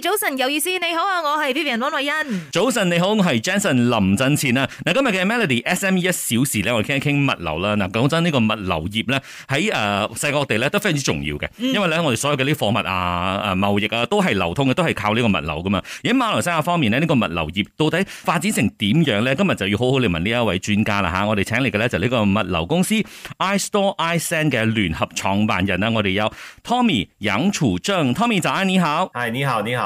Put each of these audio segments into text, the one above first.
早晨有意思，你好啊，我係 Vivian 溫慧欣。早晨你好，我係 Jason 林振前啊。嗱，今日嘅 Melody SME 一小時咧，我哋傾一傾物流啦。嗱，講真呢個物流業咧喺誒世界各地咧都非常之重要嘅，因為咧我哋所有嘅啲貨物啊誒貿、啊、易啊都係流通嘅，都係靠呢個物流噶嘛。而喺馬來西亞方面呢，呢、這個物流業到底發展成點樣咧？今日就要好好嚟問呢一位專家啦吓。我哋請嚟嘅咧就呢個物流公司 iStore iSend 嘅聯合創辦人啦。我哋有 Yang ang, Tommy 楊楚正，Tommy 就你好，係你好你好。你好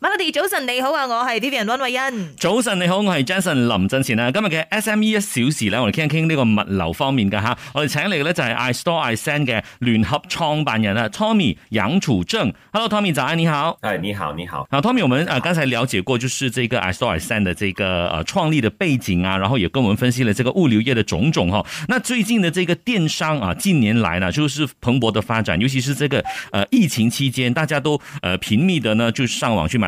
麥我哋早晨，你好啊！我是 TVB 温慧欣。早晨你好，我是 Jason 林振前啊。今日嘅 SME 一小時呢，我哋傾一傾呢個物流方面嘅哈。我哋請嚟嘅咧就係 iStore iSend 嘅聯合創辦人啊，Tommy 楊楚正。Hello Tommy，早安。你好。哎你好，你好。啊，Tommy，我們啊，剛才了解過，就是這個 iStore iSend 嘅這個誒創立的背景啊，然後也跟我們分析了這個物流業的種種哈、啊。那最近的這個電商啊，近年來呢，就是蓬勃的發展，尤其是這個呃，疫情期間，大家都呃，頻密的呢，就上網去買。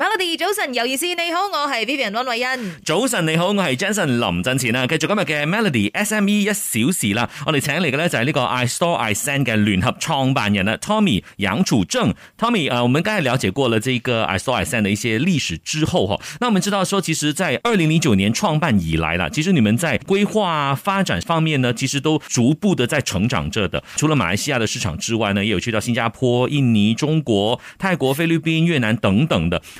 Melody 早晨有意思，你好，我是 Vivian 安慧恩。早晨你好，我是 Jason 林振前啊。繼續今日嘅 Melody SME 一小時啦，我哋請嚟嘅咧就係、是、呢個 I Store I Send 嘅聯合創辦人啊，Tommy 楊楚正。Tommy，誒、呃，我們剛才了解過了，呢個 I Store I Send 嘅一些歷史之後，哈，那我們知道說，其實，在二零零九年創辦以來啦，其實你們在規劃發展方面呢，其實都逐步的在成長着的。除了馬來西亞的市場之外，呢，也有去到新加坡、印尼、中國、泰國、菲律賓、越南等等的。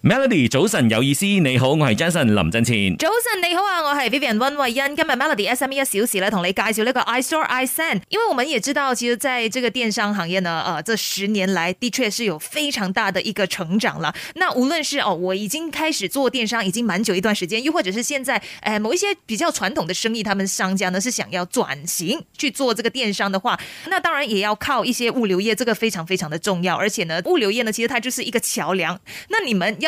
Melody，早晨有意思，你好，我係 Jason 林振前。早晨你好啊，我係 Vivian n 温慧欣。今日 Melody SME 一小時咧，同你介紹呢個 I saw I sent 因為我們也知道，其實，在這個電商行業呢，呃，這十年來的確是有非常大的一個成長啦。那無論是哦，我已經開始做電商已經蠻久一段時間，又或者是現在誒、呃，某一些比較傳統的生意，他們商家呢是想要轉型去做這個電商的話，那當然也要靠一些物流業，這個非常非常的重要。而且呢，物流業呢，其實它就是一個橋梁。那你們要。